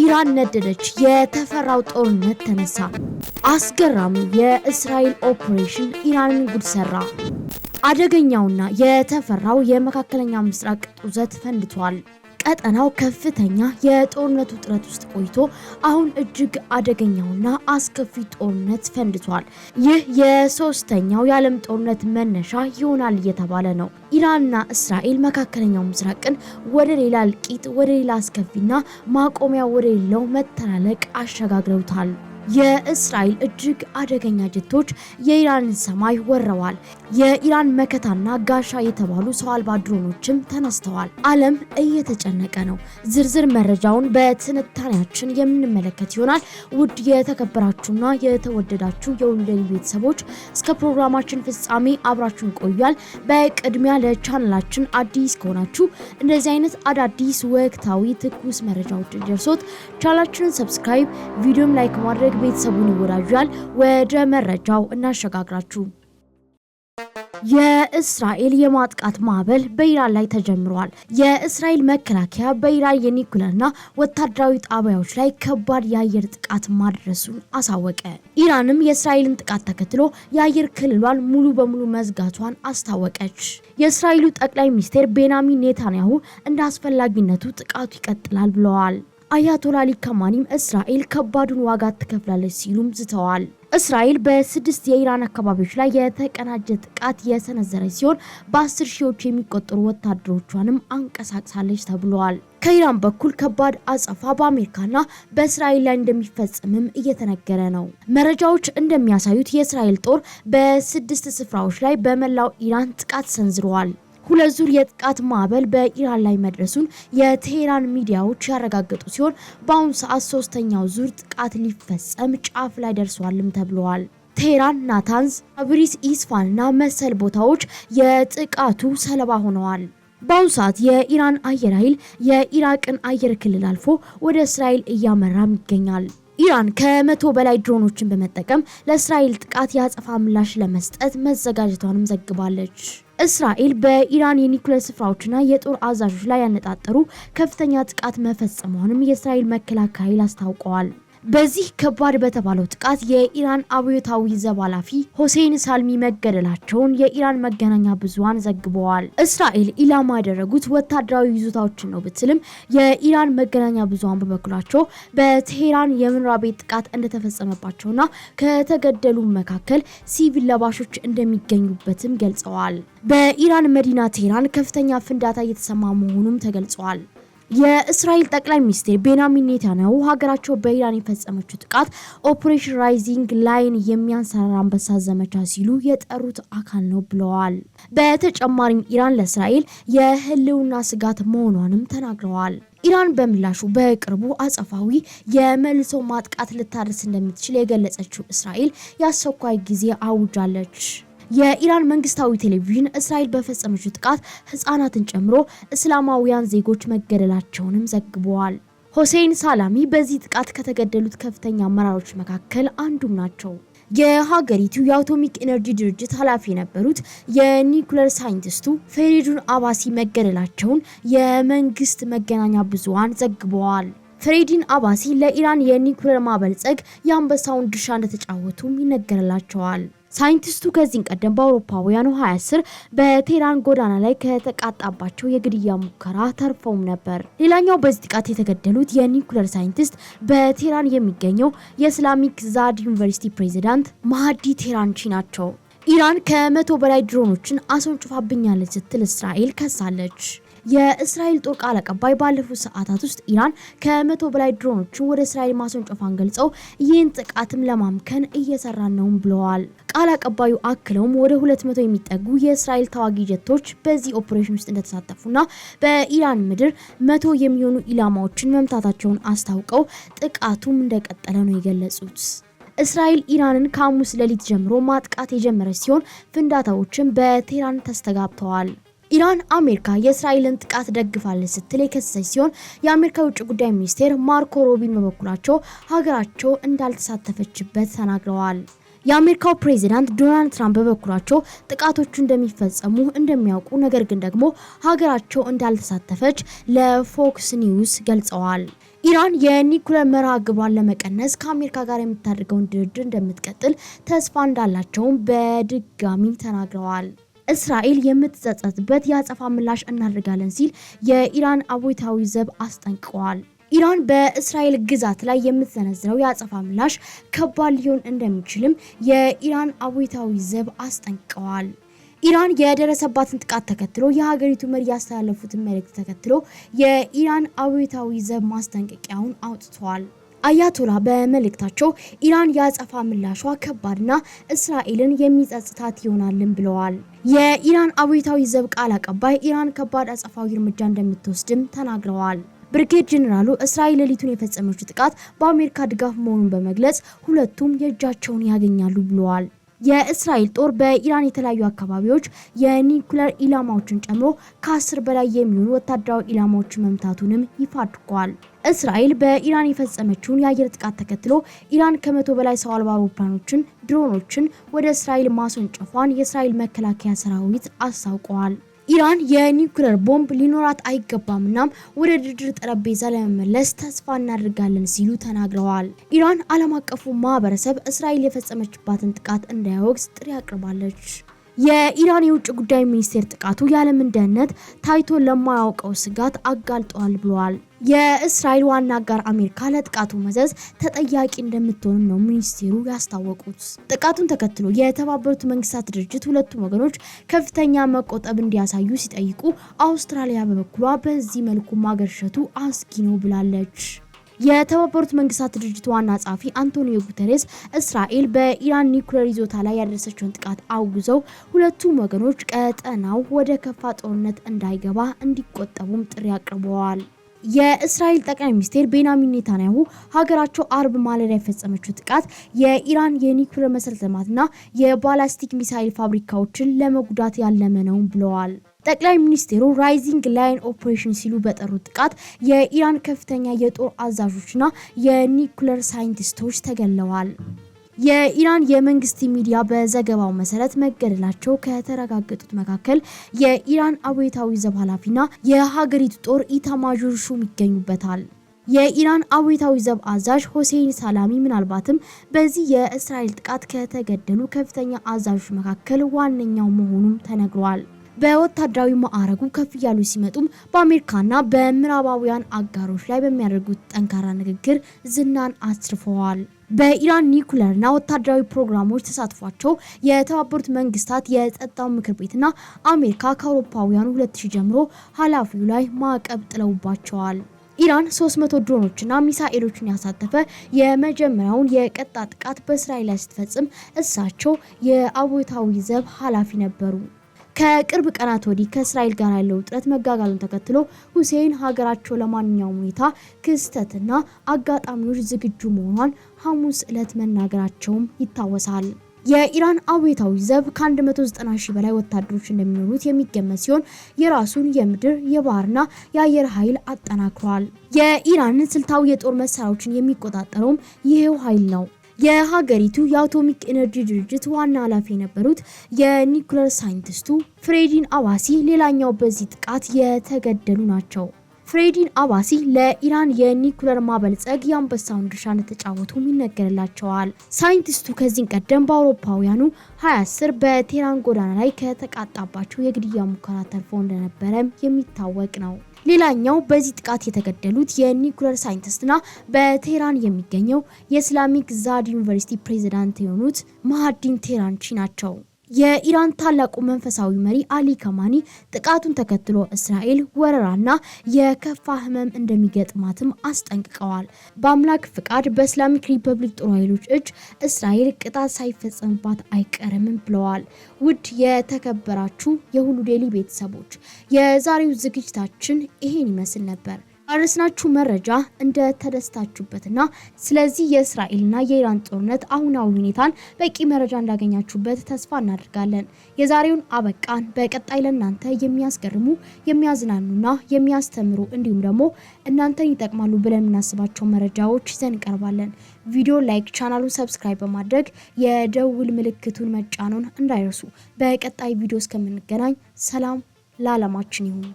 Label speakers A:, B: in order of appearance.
A: ኢራን ነደደች፣ የተፈራው ጦርነት ተነሳ። አስገራሚ የእስራኤል ኦፕሬሽን ኢራንን ጉድ ሰራ። አደገኛውና የተፈራው የመካከለኛ ምስራቅ ጡዘት ፈንድቷል። ቀጠናው ከፍተኛ የጦርነት ውጥረት ውስጥ ቆይቶ አሁን እጅግ አደገኛውና አስከፊ ጦርነት ፈንድቷል። ይህ የሶስተኛው የዓለም ጦርነት መነሻ ይሆናል እየተባለ ነው። ኢራንና እስራኤል መካከለኛው ምስራቅን ወደ ሌላ እልቂት፣ ወደ ሌላ አስከፊና ማቆሚያ ወደ ሌለው መተላለቅ አሸጋግረውታል። የእስራኤል እጅግ አደገኛ ጀቶች የኢራንን ሰማይ ወረዋል። የኢራን መከታና ጋሻ የተባሉ ሰው አልባ ድሮኖችም ተነስተዋል። ዓለም እየተጨነቀ ነው። ዝርዝር መረጃውን በትንታኔያችን የምንመለከት ይሆናል። ውድ የተከበራችሁና የተወደዳችሁ የሁሉ ቤተሰቦች እስከ ፕሮግራማችን ፍጻሜ አብራችሁን ቆያል። በቅድሚያ ለቻናላችን አዲስ ከሆናችሁ እንደዚህ አይነት አዳዲስ ወቅታዊ ትኩስ መረጃዎች ደርሶት ቻናላችንን ሰብስክራይብ፣ ቪዲዮም ላይክ ማድረግ ቤተሰቡን ይወዳጃል። ወደ መረጃው እናሸጋግራችሁ። የእስራኤል የማጥቃት ማዕበል በኢራን ላይ ተጀምሯል። የእስራኤል መከላከያ በኢራን የኒኩለርና ወታደራዊ ጣቢያዎች ላይ ከባድ የአየር ጥቃት ማድረሱን አሳወቀ። ኢራንም የእስራኤልን ጥቃት ተከትሎ የአየር ክልሏን ሙሉ በሙሉ መዝጋቷን አስታወቀች። የእስራኤሉ ጠቅላይ ሚኒስትር ቤንያሚን ኔታንያሁ እንደ አስፈላጊነቱ ጥቃቱ ይቀጥላል ብለዋል። አያቶላ አሊ እስራኤል ከባዱን ዋጋ ትከፍላለች ሲሉም ዝተዋል። እስራኤል በስድስት የኢራን አካባቢዎች ላይ የተቀናጀ ጥቃት የሰነዘረች ሲሆን በአስር ሺዎች የሚቆጠሩ ወታደሮቿንም አንቀሳቅሳለች ተብሏል። ከኢራን በኩል ከባድ አጸፋ በአሜሪካና በእስራኤል ላይ እንደሚፈጸምም እየተነገረ ነው። መረጃዎች እንደሚያሳዩት የእስራኤል ጦር በስድስት ስፍራዎች ላይ በመላው ኢራን ጥቃት ሰንዝረዋል። ሁለት ዙር የጥቃት ማዕበል በኢራን ላይ መድረሱን የቴሄራን ሚዲያዎች ያረጋገጡ ሲሆን በአሁኑ ሰዓት ሶስተኛው ዙር ጥቃት ሊፈጸም ጫፍ ላይ ደርሷልም ተብለዋል። ናታንስ፣ ናታንዝ፣ ኢስፋን እና መሰል ቦታዎች የጥቃቱ ሰለባ ሆነዋል። በአሁኑ ሰዓት የኢራን አየር ኃይል የኢራቅን አየር ክልል አልፎ ወደ እስራኤል እያመራም ይገኛል። ኢራን ከመቶ በላይ ድሮኖችን በመጠቀም ለእስራኤል ጥቃት የአጸፋ ምላሽ ለመስጠት መዘጋጀቷንም ዘግባለች። እስራኤል በኢራን የኒውክሌር ስፍራዎችና የጦር አዛዦች ላይ ያነጣጠሩ ከፍተኛ ጥቃት መፈጸመውንም የእስራኤል መከላከያ ኃይል አስታውቀዋል። በዚህ ከባድ በተባለው ጥቃት የኢራን አብዮታዊ ዘብ ኃላፊ ሆሴን ሳልሚ መገደላቸውን የኢራን መገናኛ ብዙሃን ዘግበዋል። እስራኤል ኢላማ ያደረጉት ወታደራዊ ይዞታዎችን ነው ብትልም የኢራን መገናኛ ብዙሃን በበኩላቸው በቴሄራን የመኖሪያ ቤት ጥቃት እንደተፈጸመባቸውና ከተገደሉ መካከል ሲቪል ለባሾች እንደሚገኙበትም ገልጸዋል። በኢራን መዲና ቴሄራን ከፍተኛ ፍንዳታ እየተሰማ መሆኑም ተገልጸዋል። የእስራኤል ጠቅላይ ሚኒስትር ቤንያሚን ኔታንያሁ ሀገራቸው በኢራን የፈጸመችው ጥቃት ኦፕሬሽን ራይዚንግ ላይን የሚያንሰራራ አንበሳ ዘመቻ ሲሉ የጠሩት አካል ነው ብለዋል። በተጨማሪም ኢራን ለእስራኤል የህልውና ስጋት መሆኗንም ተናግረዋል። ኢራን በምላሹ በቅርቡ አጸፋዊ የመልሶ ማጥቃት ልታደርስ እንደምትችል የገለጸችው እስራኤል የአስቸኳይ ጊዜ አውጃለች። የኢራን መንግስታዊ ቴሌቪዥን እስራኤል በፈጸመችው ጥቃት ህጻናትን ጨምሮ እስላማውያን ዜጎች መገደላቸውንም ዘግበዋል። ሆሴይን ሳላሚ በዚህ ጥቃት ከተገደሉት ከፍተኛ አመራሮች መካከል አንዱም ናቸው። የሀገሪቱ የአቶሚክ ኤነርጂ ድርጅት ኃላፊ የነበሩት የኒኩለር ሳይንቲስቱ ፌሬዱን አባሲ መገደላቸውን የመንግስት መገናኛ ብዙሃን ዘግበዋል። ፍሬዲን አባሲ ለኢራን የኒኩለር ማበልጸግ የአንበሳውን ድርሻ እንደተጫወቱም ይነገርላቸዋል። ሳይንቲስቱ ከዚህ ቀደም በአውሮፓውያኑ 2010 በቴራን ጎዳና ላይ ከተቃጣባቸው የግድያ ሙከራ ተርፈውም ነበር። ሌላኛው በዚህ ጥቃት የተገደሉት የኒኩለር ሳይንቲስት በቴራን የሚገኘው የእስላሚክ ዛድ ዩኒቨርሲቲ ፕሬዚዳንት ማሃዲ ቴራንቺ ናቸው። ኢራን ከመቶ በላይ ድሮኖችን አስወንጭፋብኛለች ስትል እስራኤል ከሳለች። የእስራኤል ጦር ቃል አቀባይ ባለፉት ሰዓታት ውስጥ ኢራን ከመቶ በላይ ድሮኖችን ወደ እስራኤል ማስወንጨፏን ገልጸው ይህን ጥቃትም ለማምከን እየሰራ ነውም ብለዋል። ቃል አቀባዩ አክለውም ወደ ሁለት መቶ የሚጠጉ የእስራኤል ተዋጊ ጀቶች በዚህ ኦፕሬሽን ውስጥ እንደተሳተፉና በኢራን ምድር መቶ የሚሆኑ ኢላማዎችን መምታታቸውን አስታውቀው ጥቃቱም እንደቀጠለ ነው የገለጹት። እስራኤል ኢራንን ከሐሙስ ሌሊት ጀምሮ ማጥቃት የጀመረች ሲሆን ፍንዳታዎችን በቴህራን ተስተጋብተዋል። ኢራን አሜሪካ የእስራኤልን ጥቃት ደግፋለች ስትል የከሰሰች ሲሆን የአሜሪካ የውጭ ጉዳይ ሚኒስቴር ማርኮ ሮቢን በበኩላቸው ሀገራቸው እንዳልተሳተፈችበት ተናግረዋል። የአሜሪካው ፕሬዚዳንት ዶናልድ ትራምፕ በበኩላቸው ጥቃቶቹ እንደሚፈጸሙ እንደሚያውቁ፣ ነገር ግን ደግሞ ሀገራቸው እንዳልተሳተፈች ለፎክስ ኒውስ ገልጸዋል። ኢራን የኒኩለር መርሃ ግብሯን ለመቀነስ ከአሜሪካ ጋር የምታደርገውን ድርድር እንደምትቀጥል ተስፋ እንዳላቸውም በድጋሚ ተናግረዋል። እስራኤል የምትጸጸትበት የአጸፋ ምላሽ እናደርጋለን ሲል የኢራን አብዮታዊ ዘብ አስጠንቅቀዋል። ኢራን በእስራኤል ግዛት ላይ የምትሰነዝረው የአጸፋ ምላሽ ከባድ ሊሆን እንደሚችልም የኢራን አብዮታዊ ዘብ አስጠንቅቀዋል። ኢራን የደረሰባትን ጥቃት ተከትሎ የሀገሪቱ መሪ ያስተላለፉትን መልእክት ተከትሎ የኢራን አብዮታዊ ዘብ ማስጠንቀቂያውን አውጥቷል። አያቶላ በመልእክታቸው ኢራን የአጸፋ ምላሿ ከባድና እስራኤልን የሚጸጽታት ይሆናልን ብለዋል። የኢራን አብዮታዊ ዘብ ቃል አቀባይ ኢራን ከባድ አጸፋዊ እርምጃ እንደምትወስድም ተናግረዋል። ብርጌድ ጀኔራሉ እስራኤል ሌሊቱን የፈጸመችው ጥቃት በአሜሪካ ድጋፍ መሆኑን በመግለጽ ሁለቱም የእጃቸውን ያገኛሉ ብለዋል። የእስራኤል ጦር በኢራን የተለያዩ አካባቢዎች የኒውክሌር ኢላማዎችን ጨምሮ ከአስር በላይ የሚሆኑ ወታደራዊ ኢላማዎችን መምታቱንም ይፋ አድርጓል። እስራኤል በኢራን የፈጸመችውን የአየር ጥቃት ተከትሎ ኢራን ከመቶ በላይ ሰው አልባ አውሮፕላኖችን፣ ድሮኖችን ወደ እስራኤል ማስወንጨፏን የእስራኤል መከላከያ ሰራዊት አስታውቀዋል። ኢራን የኒውክሌር ቦምብ ሊኖራት አይገባም፣ እናም ወደ ድርድር ጠረጴዛ ለመመለስ ተስፋ እናደርጋለን ሲሉ ተናግረዋል። ኢራን ዓለም አቀፉ ማህበረሰብ እስራኤል የፈጸመችባትን ጥቃት እንዳያወግዝ ጥሪ አቅርባለች። የኢራን የውጭ ጉዳይ ሚኒስቴር ጥቃቱ የዓለምን ደህንነት ታይቶ ለማያውቀው ስጋት አጋልጧል ብለዋል። የእስራኤል ዋና አጋር አሜሪካ ለጥቃቱ መዘዝ ተጠያቂ እንደምትሆንም ነው ሚኒስቴሩ ያስታወቁት። ጥቃቱን ተከትሎ የተባበሩት መንግስታት ድርጅት ሁለቱም ወገኖች ከፍተኛ መቆጠብ እንዲያሳዩ ሲጠይቁ፣ አውስትራሊያ በበኩሏ በዚህ መልኩ ማገርሸቱ አስጊ ነው ብላለች። የተባበሩት መንግስታት ድርጅት ዋና ጸሐፊ አንቶኒዮ ጉተሬስ እስራኤል በኢራን ኒውክሌር ይዞታ ላይ ያደረሰችውን ጥቃት አውግዘው ሁለቱም ወገኖች ቀጠናው ወደ ከፋ ጦርነት እንዳይገባ እንዲቆጠቡም ጥሪ አቅርበዋል። የእስራኤል ጠቅላይ ሚኒስትር ቤንያሚን ኔታንያሁ ሀገራቸው አርብ ማለዳ የፈጸመችው ጥቃት የኢራን የኒውክሌር መሰረተ ልማትና የባላስቲክ ሚሳይል ፋብሪካዎችን ለመጉዳት ያለመ ነውም ብለዋል። ጠቅላይ ሚኒስቴሩ ራይዚንግ ላይን ኦፕሬሽን ሲሉ በጠሩት ጥቃት የኢራን ከፍተኛ የጦር አዛዦችና የኒኩለር ሳይንቲስቶች ተገለዋል። የኢራን የመንግስት ሚዲያ በዘገባው መሰረት መገደላቸው ከተረጋገጡት መካከል የኢራን አብዮታዊ ዘብ ኃላፊና የሀገሪቱ ጦር ኢታማዦር ሹም ይገኙበታል። የኢራን አብዮታዊ ዘብ አዛዥ ሆሴይን ሳላሚ ምናልባትም በዚህ የእስራኤል ጥቃት ከተገደሉ ከፍተኛ አዛዦች መካከል ዋነኛው መሆኑም ተነግሯል። በወታደራዊ ማዕረጉ ከፍ እያሉ ሲመጡም በአሜሪካና በምዕራባውያን አጋሮች ላይ በሚያደርጉት ጠንካራ ንግግር ዝናን አስርፈዋል። በኢራን ኒኩለርና ወታደራዊ ፕሮግራሞች ተሳትፏቸው የተባበሩት መንግስታት የጸጥታው ምክር ቤትና አሜሪካ ከአውሮፓውያኑ 2000 ጀምሮ ኃላፊው ላይ ማዕቀብ ጥለውባቸዋል። ኢራን 300 ድሮኖችና ሚሳኤሎችን ያሳተፈ የመጀመሪያውን የቀጥታ ጥቃት በእስራኤል ላይ ስትፈጽም እሳቸው የአብዮታዊ ዘብ ኃላፊ ነበሩ። ከቅርብ ቀናት ወዲህ ከእስራኤል ጋር ያለው ውጥረት መጋጋሉን ተከትሎ ሁሴን ሀገራቸው ለማንኛውም ሁኔታ ክስተትና አጋጣሚዎች ዝግጁ መሆኗን ሐሙስ ዕለት መናገራቸውም ይታወሳል። የኢራን አብዮታዊ ዘብ ከ190 ሺህ በላይ ወታደሮች እንደሚኖሩት የሚገመት ሲሆን የራሱን የምድር የባህርና የአየር ኃይል አጠናክሯል። የኢራን ስልታዊ የጦር መሳሪያዎችን የሚቆጣጠረውም ይሄው ኃይል ነው። የሀገሪቱ የአቶሚክ ኤነርጂ ድርጅት ዋና ኃላፊ የነበሩት የኒኩለር ሳይንቲስቱ ፍሬዲን አባሲ ሌላኛው በዚህ ጥቃት የተገደሉ ናቸው። ፍሬዲን አባሲ ለኢራን የኒኩለር ማበልጸግ የአንበሳውን ድርሻ እንደተጫወቱም ይነገርላቸዋል። ሳይንቲስቱ ከዚህ ቀደም በአውሮፓውያኑ 2010 በቴህራን ጎዳና ላይ ከተቃጣባቸው የግድያ ሙከራ ተርፎ እንደነበረም የሚታወቅ ነው። ሌላኛው በዚህ ጥቃት የተገደሉት የኒኩለር ሳይንቲስትና በቴህራን የሚገኘው የእስላሚክ ዛድ ዩኒቨርሲቲ ፕሬዚዳንት የሆኑት ማሃዲን ቴራንቺ ናቸው። የኢራን ታላቁ መንፈሳዊ መሪ አሊ ከማኒ ጥቃቱን ተከትሎ እስራኤል ወረራና የከፋ ህመም እንደሚገጥማትም አስጠንቅቀዋል። በአምላክ ፍቃድ በእስላሚክ ሪፐብሊክ ጦር ኃይሎች እጅ እስራኤል ቅጣት ሳይፈጸምባት አይቀርምም ብለዋል። ውድ የተከበራችሁ የሁሉ ዴይሊ ቤተሰቦች የዛሬው ዝግጅታችን ይሄን ይመስል ነበር። አረስናችሁ መረጃ ተደስታችሁበትና ስለዚህ የእስራኤልና የኢራን ጦርነት አሁናዊ ሁኔታን በቂ መረጃ እንዳገኛችሁበት ተስፋ እናደርጋለን። የዛሬውን አበቃን። በቀጣይ ለእናንተ የሚያስገርሙ የሚያዝናኑና የሚያስተምሩ እንዲሁም ደግሞ እናንተን ይጠቅማሉ ብለን የምናስባቸው መረጃዎች ይዘን እንቀርባለን። ቪዲዮ ላይክ፣ ቻናሉን ሰብስክራይብ በማድረግ የደውል ምልክቱን መጫኑን እንዳይረሱ። በቀጣይ ቪዲዮ እስከምንገናኝ ሰላም ለዓለማችን ይሁኑ።